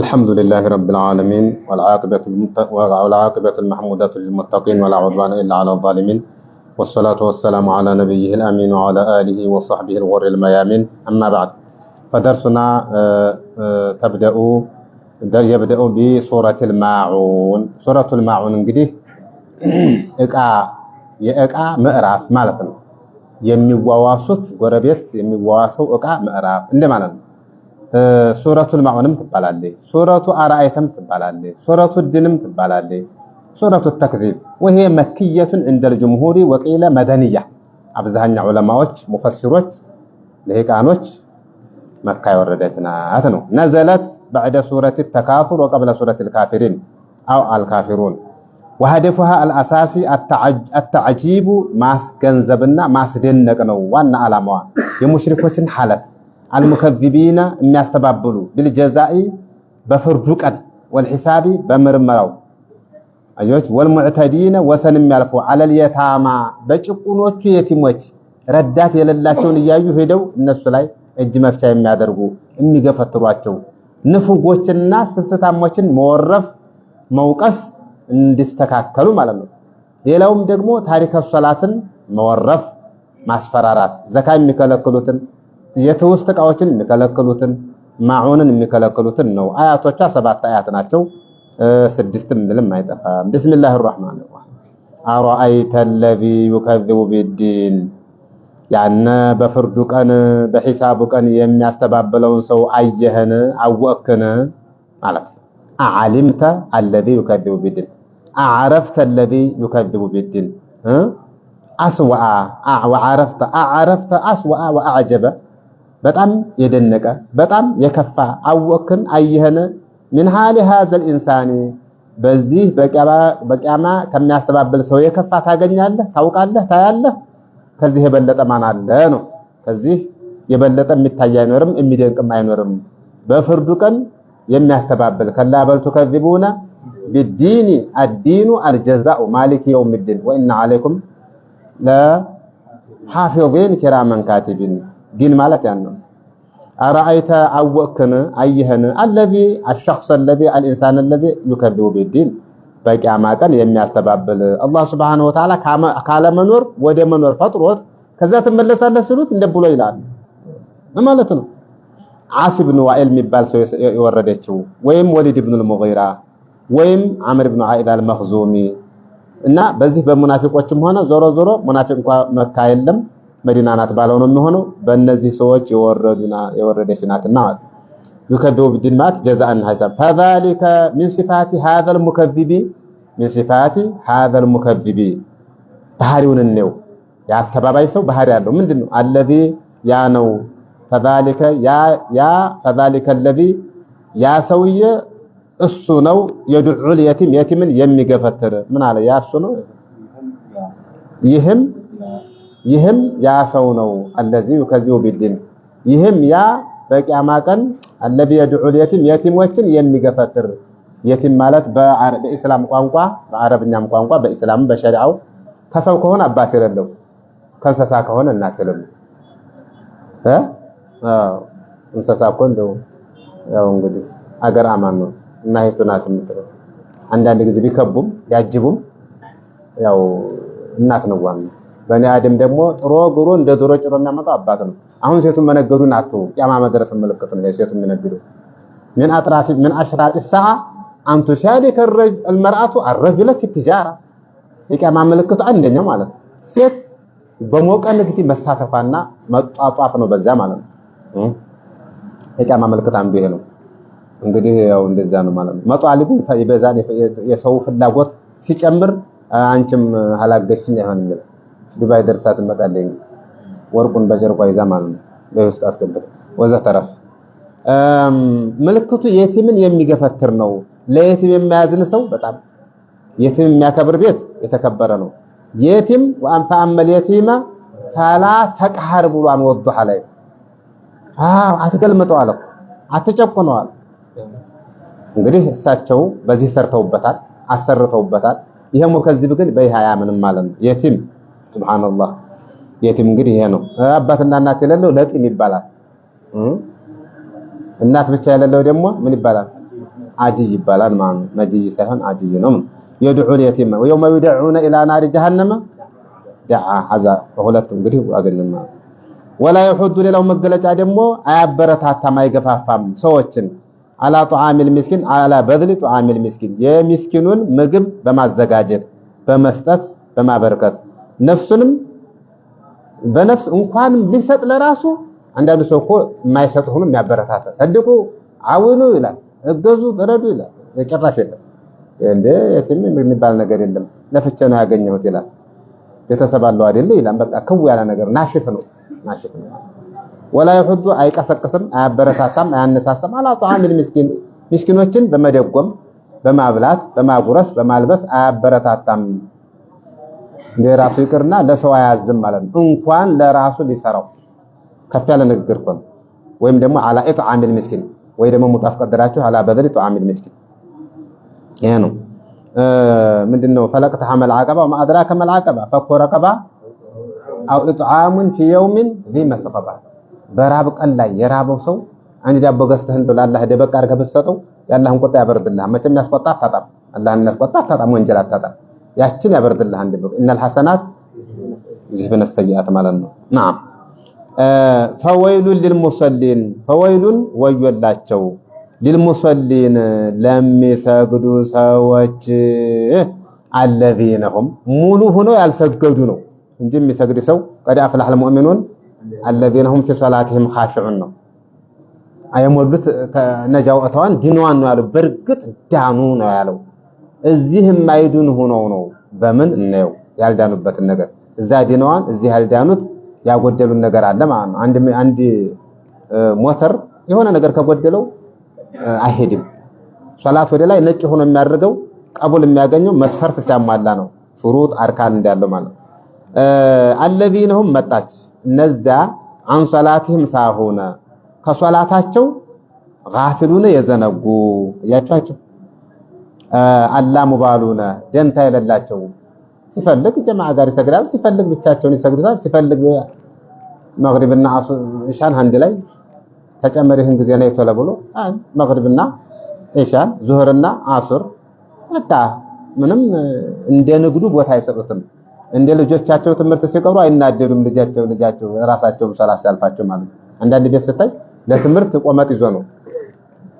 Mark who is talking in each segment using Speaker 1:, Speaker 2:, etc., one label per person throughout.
Speaker 1: الحمد لله رب العالمين والعاقبة والعاقبة المحمودة للمتقين ولا عدوان إلا على الظالمين والصلاة والسلام على نبيه الأمين وعلى آله وصحبه الغر الميامين أما بعد فدرسنا آه، آه، تبدأ يبدأ بسورة الماعون سورة الماعون قديه إقاع يقع مئراف مالتنا يمي وواسط قربيت يمي وواسط إقاع مئراف عندما نعلم ሱረቱ ማዑንም ትባላለች። ሱረቱ አርአይተም ትባላለች። ሱረቱ ድንም ትባላለች። ሱረቱ ተክዚብ ወሄ መክየቱን እንደል ጅምሁሪ ወቂለ መደንያ አብዛኛ ዑለማዎች፣ ሙፈሲሮች፣ ልሂቃኖች መካ የወረደች ናት ነው። ነዘለት በዕደ ሱረት ተካፉር ወቀብለ ሱረት ልካፊሪን አው አልካፊሩን ወሀደፉሃ አልአሳሲ አተዓጂቡ ማስገንዘብና ማስደነቅ ነው። ዋና ዓላማዋ የሙሽሪኮችን ሐለት አልሙከዚቢና የሚያስተባብሉ ቢልጀዛኢ በፍርዱ ቀን ወልሒሳቢ በምርመራው አጆች ወልሙዕተዲነ ወሰን የሚያልፉ አለልየታማ በጭቁኖቹ የቲሞች ረዳት የሌላቸውን እያዩ ሄደው እነሱ ላይ እጅ መፍቻ የሚያደርጉ የሚገፈትሯቸው ንፉጎችና ስስታሞችን መወረፍ መውቀስ እንዲስተካከሉ ማለት ነው። ሌላውም ደግሞ ታሪከ ሶላትን መወረፍ ማስፈራራት፣ ዘካ የሚከለክሉትን የትውስት እቃዎችን የሚከለክሉትን ማዑንን የሚከለክሉትን ነው። አያቶቿ ሰባት አያት ናቸው። ስድስትም ምንም አይጠፋም። ቢስሚላህ ራህማን ራሂም አራአይተ አለዚ ዩከዝቡ ቢዲን ያነ በፍርዱ ቀን በሂሳቡ ቀን የሚያስተባብለውን ሰው አየህን አወቅህን ማለት ነው። አዓሊምተ አለዚ ዩከዝቡ ቢዲን አዓረፍተ አለዚ ዩከዝቡ ቢዲን አስወአ ወዓረፍተ አዓረፍተ አስወአ ወአዕጀበ በጣም የደነቀ በጣም የከፋ አወክን አየህን ምን ሀሊ ሀዘል ኢንሳኒ በዚህ በቂያማ ከሚያስተባብል ሰው የከፋ ታገኛለህ፣ ታውቃለህ፣ ታያለህ። ከዚህ የበለጠ ማን አለ ነው። ከዚህ የበለጠ የሚታይ አይኖርም፣ የሚደንቅም አይኖርም። በፍርዱ ቀን የሚያስተባብል ከላ በል ቱከዚቡነ ቢዲኒ አዲኑ አልጀዛኡ ማሊክ የውምዲን ወኢነ ዓለይኩም ለሓፊዚን ኪራመን ካቲቢን ዲን ማለት ያን ነው። አረአይተ አወቅክን አየህን አለዚ አልሸክስ አለዚ አልኢንሳን አለዚ ዩከዚቡ ቢዲን በቂያማ ቀን የሚያስተባብል አላህ ስብሐነሁ ወተዓላ ካለመኖር ወደ መኖር ፈጥሮት ከዛ ትመለሳለህ ስሉት እንደ ብሎ ይላል ማለት ነው። ዓስ ብን ዋኤል የሚባል ሰው የወረደችው ወይም ወሊድ ብን ልሙጊራ ወይም ዓምር ብን ዓኢድ አልመኽዙሚ እና በዚህ በሙናፊቆችም ሆነ ዞሮ ዞሮ ሙናፊቅ እንኳ መካ የለም መዲና ናት ባለው ነው የሚሆነው። በእነዚህ ሰዎች የወረደች ናትና ማለት ዩከዚቡ ቢድማት ጀዛአን ሐሰብ ፈዛሊከ ሚን ሲፋቲ هذا ሙከዚቢ ሚን ሲፋቲ هذا ሙከዚቢ ባህሪውን ነው የአስተባባይ ሰው ባህሪ ያለው ምንድነው? አለዚ ያ ነው ፈዛሊከ ያ ያ ፈዛሊከ الذي ያ ሰውዬ እሱ ነው የዱዑል የቲም የቲምን የሚገፈትር ምን አለ ያ እሱ ነው ይህም ይህም ያ ሰው ነው። አለዚ ከዚሁ ቢድን ይህም ያ በቂያማ ቀን አለዚ የድዑል የቲም የቲሞችን የሚገፈትር የቲም ማለት በኢስላም ቋንቋ በአረብኛም ቋንቋ በኢስላም በሸሪዓው ከሰው ከሆነ አባት የሌለው ከእንስሳ ከሆነ እናት የሌለው እ እንስሳ እኮ እንደው ያው እንግዲህ አገር አማን ነው እና ሄቱ ናት የምትለው አንዳንድ ጊዜ ቢከቡም ቢያጅቡም ያው እናት ነው ዋናው በእኔ አድም ደግሞ ጥሮ ግሮ እንደ ዶሮ ጭሮ የሚያመጣው አባት ነው። አሁን ሴቱን መነገዱን አቶ ቂያማ መድረስ ምልክት ነው። ሴቱን የሚነግዱ ምን አጥራት ምን አሽራቂ ሰዓ አንቱ ሻዲ ከረጅ አልመርአቱ አረጁለ ፊ ቲጃራ የቂያማ ምልክቱ አንደኛው ማለት ነው። ሴት በሞቀ ንግድ መሳተፋና መጧጧፍ ነው። በዛ ማለት ነው። የቂያማ ምልክት አንዱ ይሄ ነው። እንግዲህ ያው እንደዛ ነው ማለት ነው። መጧሊቡ ይበዛል። የሰው ፍላጎት ሲጨምር አንቺም ሀላገሽኝ አይሆንም ይላል ዱባይ ደርሳ ትመጣለች። እንግዲህ ወርቁን በጨርቋ ይዛ ማለት ነው በውስጥ አስገብታ ወዘተረፈ። ምልክቱ የቲምን የሚገፈትር ነው። ለየቲም የማያዝን ሰው በጣም የቲም የሚያከብር ቤት የተከበረ ነው። የቲም ወአን ፈአመል የቲማ ፈላ ተቅሐር ብሏን ወዱሐ ላይ አትገልምጠው አለ አትጨቁነው አለ። እንግዲህ እሳቸው በዚህ ሰርተውበታል፣ አሰርተውበታል። ይሄ ሙከዚብ ግን በይሃያ ምንም ማለት ነው የቲም ሱብሃንአላህ። የቲም እንግዲህ ይሄ ነው። አባትና እናት የሌለው ለጢም ይባላል። እናት ብቻ የሌለው ደግሞ ምን ይባላል? አጅይ ይባላል ማለት ነው። መጅይ ሳይሆን አጅይ ነው። የድዑል የቲም ወየውመ ይደዑነ ኢላ ናሪ ጀሃነመ ደዓ ሐዛ በሁለት እንግዲህ አገኘን ወላ የሑዱ ሌላው መገለጫ ደግሞ አያበረታታም፣ አይገፋፋም ሰዎችን አላ ጧሚል ሚስኪን አላ በድሊ ጧሚል ሚስኪን የሚስኪኑን ምግብ በማዘጋጀት በመስጠት በማበርከት ነፍስንም በነፍስ እንኳንም ሊሰጥ ለራሱ አንዳንዱ ሰው እኮ የማይሰጥ ሆኖ የሚያበረታተ ሰድቁ አውኑ ይላል፣ እገዙ ጥረዱ ይላል። ጭራሽ የለም እንደ የትም የሚባል ነገር የለም። ለፍቼ ነው ያገኘሁት ይላል። ቤተሰብ አለው አይደለ ይላል። በቃ ክው ያለ ነገር ናሽፍ ነው፣ ናሽፍ ነው። ወላ ይሁዱ አይቀሰቅስም፣ አያበረታታም፣ አያነሳሳም። አላ ጧዓሚል ምስኪን ምስኪኖችን በመደጎም በማብላት በማጉረስ በማልበስ አያበረታታም። ለራሱ ይቅርና ለሰው አያዝም ማለት ነው። እንኳን ለራሱ ሊሰራው ከፍ ያለ ንግግር ኮን ወይም ደግሞ አላ ኢጥዓሚል ምስኪን ወይ ደግሞ ሙጣፍ ቀደራችሁ አላ በደል ኢጥዓሚል ምስኪን ይሄ ነው። ምንድነው ፈለቅተ ሐመል አቀባ ማአድራ ከመል አቀባ ፈኮ ረቀባ አው ኢጥዓሙን ፊ የውሚን ዚ መስቀባ በራብ ቀን ላይ የራበው ሰው አንድ ዳቦ ገዝተህ እንደው ላላህ ደበቅ አድርገህ ብትሰጠው የአላህን ቁጣ ያበርድልህ። መቼም ያስቆጣ አታጣም። አላህን ያስቆጣ አታጣም። ወንጀል አታጣም። ያችን ያበርድልህ አንድ ብር ኢነል ሐሰናት ይህብነ ሰይአት ማለት ነው። ናም ፈወይሉን ሊልሙሰሊን ፈወይሉን ወዮላቸው ሊልሙሰሊን ለሚሰግዱ ሰዎች አለዚነሁም ሙሉ ሆነው ያልሰገዱ ነው እንጂ የሚሰግድ ሰው ቀድ አፍላሐል ሙእሚኑን አለዚነሁም ፊ ሶላቲሂም ኻሺዑን ነው አይሞሉት ነጃ ወጥተዋን ዲንዋን ነው ያለው። በርግጥ ዳኑ ነው ያለው እዚህ የማይዱን ሆነው ነው። በምን እናየው ያልዳኑበትን ነገር እዛ ዲነዋን እዚህ ያልዳኑት ያጎደሉን ነገር አለ ማለት ነው። አንድ አንድ ሞተር የሆነ ነገር ከጎደለው አይሄድም። ሶላት ወደ ላይ ነጭ ሆኖ የሚያደርገው ቀቡል የሚያገኘው መስፈርት ሲያሟላ ነው። ሹሩጥ አርካን እንዳለው ማለት አለዚነሁም መጣች እነዛ አን ሶላቲህም ሳሆነ ከሶላታቸው ጋፊሉነ የዘነጉ እያቸዋቸው አላሙባሉነ ደንታ የሌላቸውም። ሲፈልግ ጀማዓ ጋር ይሰግዳሉ፣ ሲፈልግ ብቻቸውን ይሰግዱታል፣ ሲፈልግ መግሪብና ኢሻን አንድ ላይ ተጨመረ። ይህን ጊዜ ነው የተለ ብሎ መግሪብና ኢሻን ዙህርና አሱር በቃ ምንም እንደ ንግዱ ቦታ አይሰጡትም። እንደ ልጆቻቸው ትምህርት ሲቀሩ አይናደዱም። ልጃቸው ልጃቸው ራሳቸው ሰላት ሲያልፋቸው ማለት አንዳንድ ቤት ስታይ ለትምህርት ቆመጥ ይዞ ነው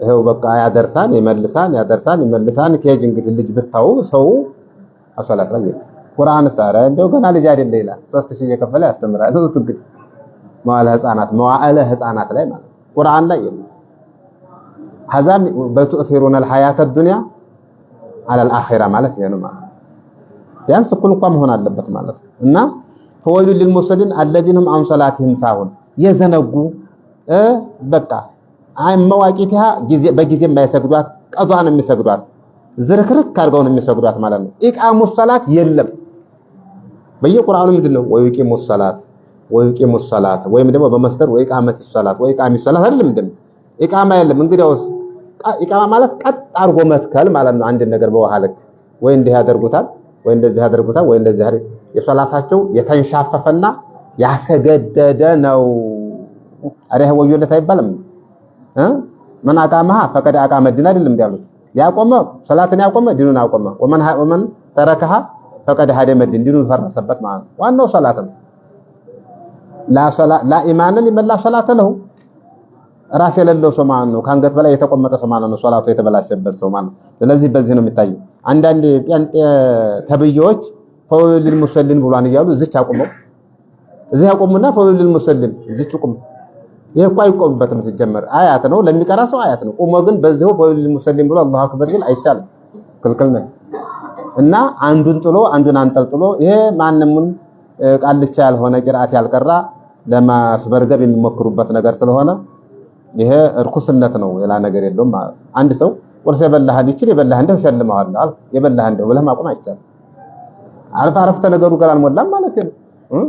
Speaker 1: ይኸው በቃ ያደርሳን ይመልሳን ያደርሳን ይመልሳን። ኬጅ እንግዲህ ልጅ ብታው ሰው አሶላት ላይ ቁርአን ሳረ እንደው ገና ልጅ አይደለ ይላል። ሶስት ሺህ እየከፈለ ያስተምራል። ነው ትግል መዋዕለ ህፃናት መዋዕለ ህፃናት ላይ ማለት ቁርአን ላይ ይላል ሀዛም በትእሲሩን አልሐያተ ዱንያ አለል አኺራ ማለት ነው ማለት ቢያንስ እኩል እንኳን መሆን አለበት ማለት እና ፈወይሉ ሊል ሙሰሊን አለዚነም አንሰላቲህም ሳሁን የዘነጉ በቃ መዋቂቲሃ በጊዜ የማይሰግዷት ቀዷን የሚሰግዷት ዝርክርክ አድርገውን የሚሰግዷት ማለት ነው። ኢቃሙ ሰላት የለም። በየቁርአኑ ምንድን ነው ወይ ኢቃሙ ሰላት ወይ ኢቃሙ ሰላት ወይም ደግሞ በመስደር ወይ ኢቃመት ሰላት ወይ ኢቃሚ ሰላት አይደለም። እንደም ኢቃማ የለም። እንግዲያውስ ኢቃማ ማለት ቀጥ አድርጎ መትከል ማለት ነው። አንድ ነገር በውሃ ወይ እንዲህ ያደርጉታል ወይ እንደዚህ ያደርጉታል ወይ እንደዚህ ያደርጉታል። የሶላታቸው የተንሻፈፈና ያሰገደደ ነው። አረህ ወዮለት አይባልም። መን አቃመሃ ፈቀደ አቃመ ዲን አይደለም ያሉት ያቆመ ሰላትን ያቆመ ዲኑን አቆመ። ወመን ወመን ተረከሃ ፈቀድ ሀደመ ዲን ዲኑን ፈረሰበት ማለት ነው። ዋናው ሰላት ነው። ላ ኢማን ሊመላ ሰላት ነው። ራስ የሌለው ሰው ማለት ነው። ከአንገት በላይ የተቆመጠ ሰው ማለት ነው። ሶላቱ የተበላሸበት ሰው ማለት ነው። ስለዚህ በዚህ ነው የሚታየው። አንዳንድ ጴንጤ ተብዬዎች ፈወይሉል ሙሰሊን ብሏን እያሉ እዚች አቁመው እዚህ አቁሙና ፈወይሉል ሙሰሊን እዚች ይህ እኮ አይቆምበትም። ሲጀመር አያት ነው ለሚቀራ ሰው አያት ነው። ቆሞ ግን በዚሁ ወይል ሙሰሊም ብሎ አላሁ አክበር ግን አይቻልም፣ ክልክል ነው። እና አንዱን ጥሎ አንዱን አንጠልጥሎ ይሄ ማንምን ቃልቻ ያልሆነ ቅርአት ያልቀራ ለማስበርገብ የሚሞክሩበት ነገር ስለሆነ ይሄ እርኩስነት ነው። ሌላ ነገር የለውም አንድ ሰው ወርሰ የበላህ ይችል የበላህ እንደው ሸልመዋል አልክ የበላህ እንደው ብለህ ማቆም አይቻልም። አልፋ አረፍተ ነገሩ አልሞላም ማለት ነው።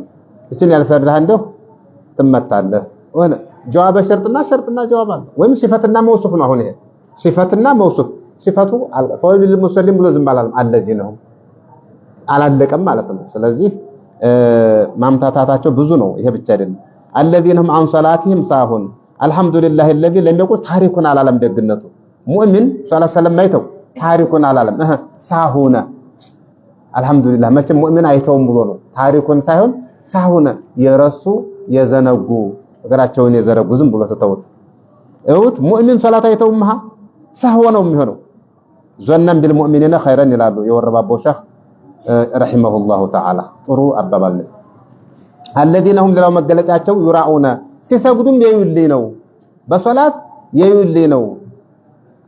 Speaker 1: እቺን ያልሰራህ እንደው ትመታለህ ሆነ ጀዋበ ሸርጥና ሸርጥና ጀዋብ አለ ወይም ሲፈትና መውሱፍ ነው። አሁን ይሄ ሲፈትና መውሱፍ ሲፈቱ ፈወይል ልልሙሰሊን ብሎ ዝም አላለም። አለዚህ ነው አላለቀም ማለት ነው። ስለዚህ ማምታታታቸው ብዙ ነው። ይሄ ብቻ አይደለም። አለዚነሁም አን ሰላቲሂም ሳሁን አልሐምዱሊላሂ ለዚ ለም የቁል ታሪኩን አላለም። ደግነቱ ሙእሚን ሰላ ሰለም አይተው ታሪኩን አላለም። እህ ሳሁነ አልሐምዱሊላህ መቼም ሙእሚን አይተውም ብሎ ነው ታሪኩን ሳይሆን ሳሁነ የረሱ የዘነጉ እግራቸውን የዘረጉ ዝም ብሎ ተተውት እውት ሙእሚን ሶላት አይተውምሃ ሳህወ ነው የሚሆነው። ዞነን ቢል ሙእሚኒነ ኸይረን ይላሉ የወረባቦው ሸህ ረሂመሁላሁ ተዓላ ጥሩ አባባል ነው። አለዚነ ሁም ሌላው መገለጫቸው ዩራኡነ ሲሰግዱም የዩልይ ነው፣ በሶላት የዩልይ ነው።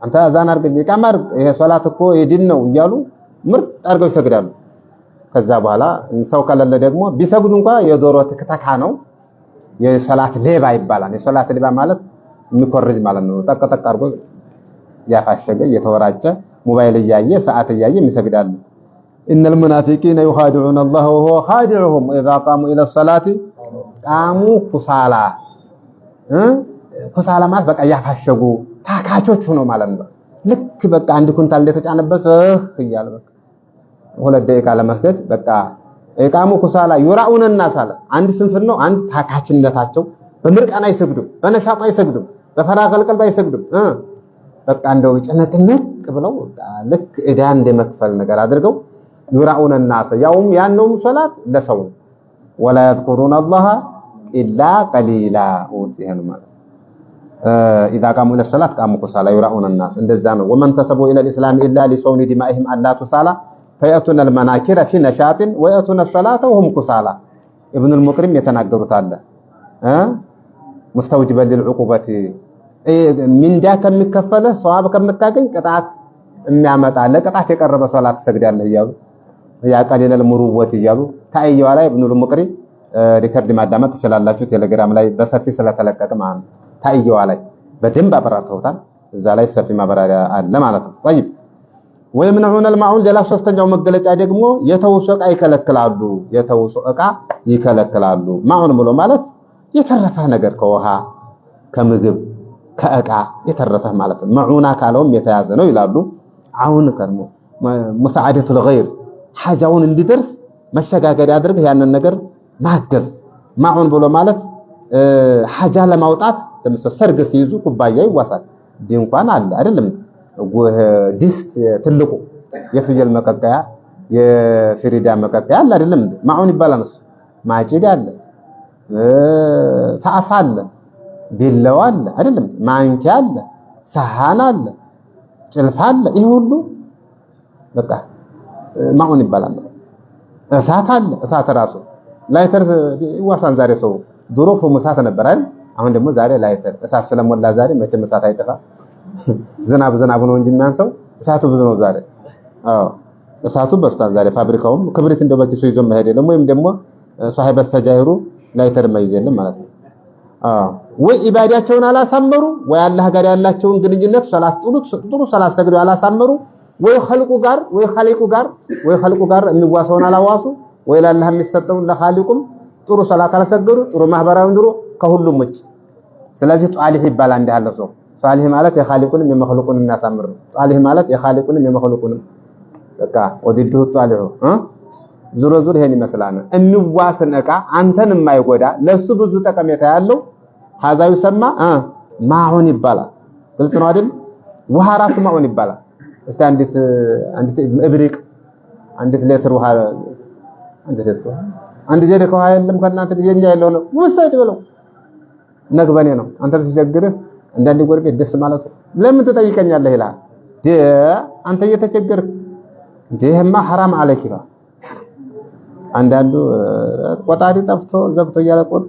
Speaker 1: አንተ አዛን አርግ ኢቃማ ይሄ ሶላት እኮ የዲን ነው እያሉ ምርጥ አድርገው ይሰግዳሉ። ከዛ በኋላ ሰው ከሌለ ደግሞ ቢሰግዱ እንኳ የዶሮ ትክተካ ነው። የሰላት ሌባ ይባላል። የሰላት ሌባ ማለት የሚኮርጅ ማለት ነው። ጠቅጠቅ አርጎ አድርጎ ያፋሸገ እየተወራጨ ሞባይል እያየ ሰዓት እያየ የሚሰግዳል። ኢነል ሙናፊቂነ ዩኻዲዑነ አላህ ወሁ ኻዲዑሁም ኢዛ ቃሙ ኢለ ሰላቲ ቃሙ ኩሳላ። ኩሳላ ማለት በቃ ያፋሸጉ ታካቾች ሆኖ ማለት ነው። ልክ በቃ አንድ ኩንታል እንደተጫነበት እያለ በቃ ሁለት ደቂቃ ለመስገድ በቃ ኢቃሙ ኩሳላ ዩራኡነና አለ አንድ ስንፍን ነው። አንድ ታካችነታቸው በምርቃን አይሰግዱም፣ በነሻጥ አይሰግዱም፣ በፈራገል ቀልብ አይሰግዱም። በቃ እንደው ጭነቅነት ብለው ልክ እዳ እንደመክፈል ነገር አድርገው ዩራኡነና ሰ ያውም ያነውም ሶላት ለሰው ወላ يذكرون الله الا قليلا ወጥየን ማለት اذا قاموا الى قاموا كسالى يراؤون الناس እንደዛ ነው ወመን ተሰቡ الى الاسلام الا لصون دمائهم አላቱ ሳላ ፈየእቱነ አልመናኪረ ፊ ነሻጢን ወየእቱነ ሰላተ ወሁም ኩሳላ እብኑል ሙቅሪም የተናገሩት አለ። ሙስተውጅበን ሊልዕቁበት ሚንዳ ከሚከፈለ ሰዋብ ከምታገኝ ቅጣት የሚያመጣ ለቅጣት የቀረበ ሶላት ትሰግዳለህ እያሉ ያ ሙሩወት እያሉ ታየዋ ላይ ኢብኑል ሙቅሪ ሪከርድ ማዳመጥ ትችላላችሁ። ቴሌግራም ላይ በሰፊ ስለተለቀቀ ማለት ነው። ላይ በደንብ አብራርተውታል። እዛ ላይ ሰፊ ማብራሪያ አለ ማለት ነው። ጠይብ ወይም ወይምነዑነል ማዕሩፍ ሌላ ሶስተኛው መገለጫ ደግሞ የተውሶ እቃ ይከለክላሉ። የተውሶ ዕቃ ይከለክላሉ። ማዑን ብሎ ማለት የተረፈ ነገር ከውሃ ከምግብ ከእቃ የተረፈ ማለት ነው። መዑና ካለውም የተያዘ ነው ይላሉ። አሁን ከርሞ ሙሳዓደቱ ለገይር ሓጃውን እንዲደርስ መሸጋገሪያ አድርገህ ያንን ነገር ማገዝ። ማዑን ብሎ ማለት ሓጃ ለማውጣት ለምሳሌ ሰርግ ሲይዙ ኩባያ ይዋሳል። ድንኳን አለ አይደለም ድስት ትልቁ የፍየል መቀቀያ የፍሪዳ መቀቀያ አለ አይደለም እንዴ? ይባላል እሱ። ማጭድ አለ፣ ታሳ አለ፣ ቢላዋ አለ አይደለም፣ ማንኪያ አለ፣ ሰሃን አለ፣ ጭልፋ አለ። ይሄ ሁሉ በቃ ማሁን ይባላል። እሳት አለ፣ እሳት ራሱ ላይተር ይዋሳን። ዛሬ ሰው ድሮ ፉም እሳት ነበር አይደል? አሁን ደግሞ ዛሬ ላይተር እሳት ስለሞላ ዛሬ መቼም እሳት አይጠፋ ዝናብ ዝናብ ነው እንጂ የሚያንሰው እሳቱ ብዙ ነው ዛሬ። አዎ እሳቱ በስቷል ዛሬ። ፋብሪካውም ክብሪት እንደው በኪሱ ይዞ መሄድ የለም ወይም ደግሞ ሷሂበ ሰጃይሩ ላይ ተርመይዝ የለም ማለት ነው። አዎ ወይ ኢባዳቸውን አላሳመሩ ወይ አላህ ጋር ያላቸውን ግንኙነት ሰላት ጥሩ ጥሩ ሰላት ሰግደው አላሳመሩ ወይ ኸልቁ ጋር ወይ ኸሊቁ ጋር ወይ ኸልቁ ጋር የሚዋሰውን አላዋሱ ወይ ለአላህ የሚሰጠውን ለኻሊቁም ጥሩ ሰላት አልሰገዱ ጥሩ ማህበራዊ ኑሮ ከሁሉም ውጭ። ስለዚህ ጧሊህ ይባላል እንዲህ ያለው ሰው ጣሊህ ማለት የኻሊቁንም የመኽሉቁንም የሚያሳምር ነው። ጣሊህ ማለት የኻሊቁንም የመኽሉቁንም በቃ ወዲዱ ጣሊሁ ዙሮ ዙር ይሄን ይመስላል። የሚዋስን ዕቃ አንተን የማይጎዳ ለሱ ብዙ ጠቀሜታ ያለው ሀዛዊ ሰማ ማሁን ይባላል። ግልጽ ነው አይደል? ውሃ ራሱ ማሁን ይባላል። እስቲ አንዲት አንዲት እብሪቅ አንዲት ሌትር ውሃ አንዲት ሌትር አንድ ዘዴ ከውሃ የለም ከእናንተ ልጅ የለው ነው ውሰድ ብለው ነግበኔ ነው አንተ ብትቸግርህ አንዳንድ ጎረቤት ደስ ማለቱ ለምን ትጠይቀኛለህ ይላል። ደ አንተ እየተቸገርክ ደህማ ሐራም አለክ ይላል። አንዳንዱ ቆጣሪ ጠፍቶ ዘብቶ እያለ ቆጥ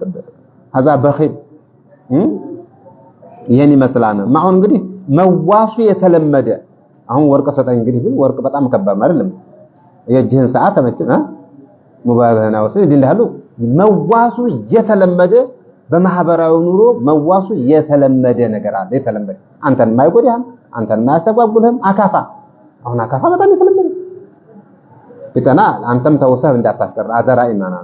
Speaker 1: አዛ በኺል ይሄን ይመስላል። አሁን እንግዲህ መዋሱ የተለመደ አሁን ወርቅ ሰጠኝ እንግዲህ ግን ወርቅ በጣም ከባድ አይደለም። የእጅህን ሰዓት ተመጭ ሙባለህና ወስድ እንዳሉ መዋሱ የተለመደ በማህበራዊ ኑሮ መዋሱ የተለመደ ነገር አለ። የተለመደ አንተን የማይጎዳህም አንተን የማያስተጓጉልህም አካፋ። አሁን አካፋ በጣም የተለመደ ቢጠና አንተም ተውሰህ እንዳታስቀር አደራ። ኢማና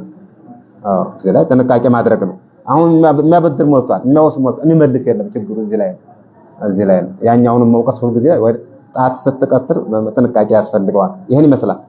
Speaker 1: አዎ፣ እዚህ ላይ ጥንቃቄ ማድረግ ነው። አሁን የሚያበድር ሞልቷል፣ የሚያወስ ሞልቷል፣ የሚመልስ የለም። ችግሩ እዚህ ላይ ነው፣ እዚህ ላይ ነው። ያኛውንም መውቀስ ሁልጊዜ ጣት ስትቀትር ጥንቃቄ ያስፈልገዋል። ይህን ይመስላል።